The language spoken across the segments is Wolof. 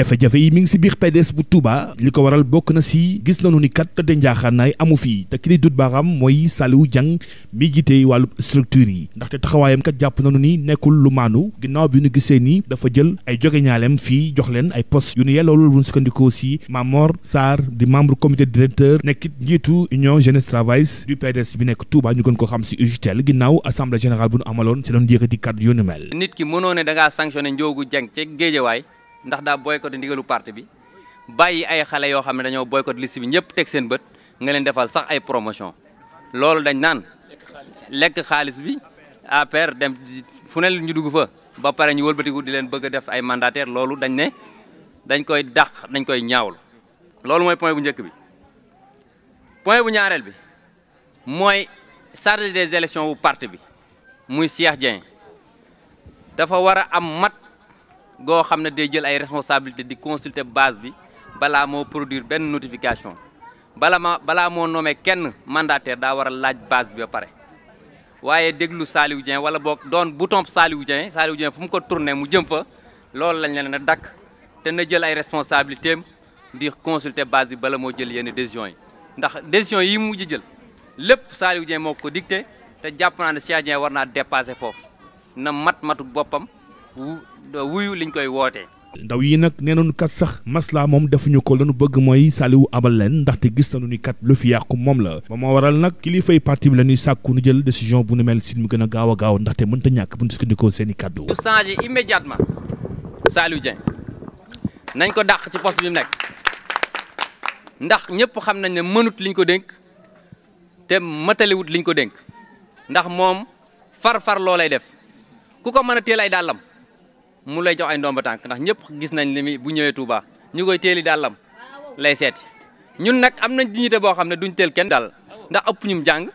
jafe-jafe yi mi ngi si biir PDS bu Touba li ko waral bokk na si gis nañu ni kat tëdde njaaxaanaay amu fi te ki di dut baaxam mooy Saliou Dieng mi jiite wàllu structure yi ndaxte taxawaayam kat jàpp nañu ni nekkul lu maanu ginnaaw bi ñu gisee nii dafa jël ay joge ñaaleem fii jox leen ay poste yu nu yelloo loolu bu ñu sukkandikoo si Mamor Sarr di membre di directeur nekkit njiitu union jeunesse travail du PDS bi nekk Touba ñu gën ko xam si UJTL ginnaaw assemblée générale bu nu amaloon si doon yëkkati kàddu yu ni mel nit ki mënoo ne da ngaa sanctionné Ndiogou Dieng ndax daa boycotté ndigalu parti bi bàyyi ay xale yoo xam ne dañoo boycotté liste bi ñëpp teg seen bët nga leen defal sax ay promotion loolu dañ naan lekk xaalis bi APR dem fu ne ñu dugg fa ba pare ñu wëlbatiku di leen bëgg a def ay mandataire loolu dañ ne dañ koy dàq dañ koy ñaawlu loolu mooy point bu njëkk bi point bu ñaareel bi mooy chargé des élections bu parti bi muy Cheikh Dieng dafa war a am mat goo xam ne day jël ay responsabilité di consulter base bi balaa moo produir benn notification bala ma balaa moo nommé kenn mandataire daa war a laaj base bi ba pare waaye déglu Saliou Dieng wala boog doon bouton Saliou Dieng Saliou Dieng fu mu ko tourné mu jëm fa loolu lañ leen a dakk te na jël ay responsabilité am di consulter base bi bala moo jël yenn décision yi ndax décision yi mu mujj jël lépp Saliou Dieng moo ko dicté te jàpp naa ne Cheikh war naa dépassé foofu na mat matu boppam wuyu liñ koy wootee. ndaw yi nag nee nañu kat sax maslaa moom defuñu ko lañu bëgg mooy Saliou abal leen ndaxte gis nañu ni kat lu fi yàqu moom la ba moo waral nag kilifay parti bi la ñuy sàkku nu jël décision bu nu mel si mu gën a gaaw a gaaw ndaxte mënta ñàkk bu ñu sukkandikoo seen i kàddu. ñu changé immédiatement Saliou Dieng nañ ko dàq ci poste bi mu nekk ndax ñëpp xam nañ ne mënut liñ ko dénk te mataliwut liñ ko dénk ndax moom far far loo lay def ku ko mën a teel ay dàllam. mu lay jox ay ndomba tànk ndax ñëpp gis nañ li muy bu ñëwee Touba ñu koy teeli dàllam lay seet ñun nag am nañ dignité boo xam ne duñ teel kenn daal ndax ëpp ñu jàng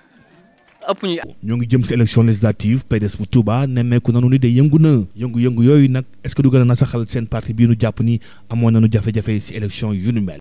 ëpp ñu. ñoo ngi jëm si élection législative PDS bu Touba nemmeeku nanu ni de yëngu na yëngu yooyu nag est-ce que du gën a nasaxal seen parti bii nu jàpp ni amoon nañu jafe-jafe si élection yu nu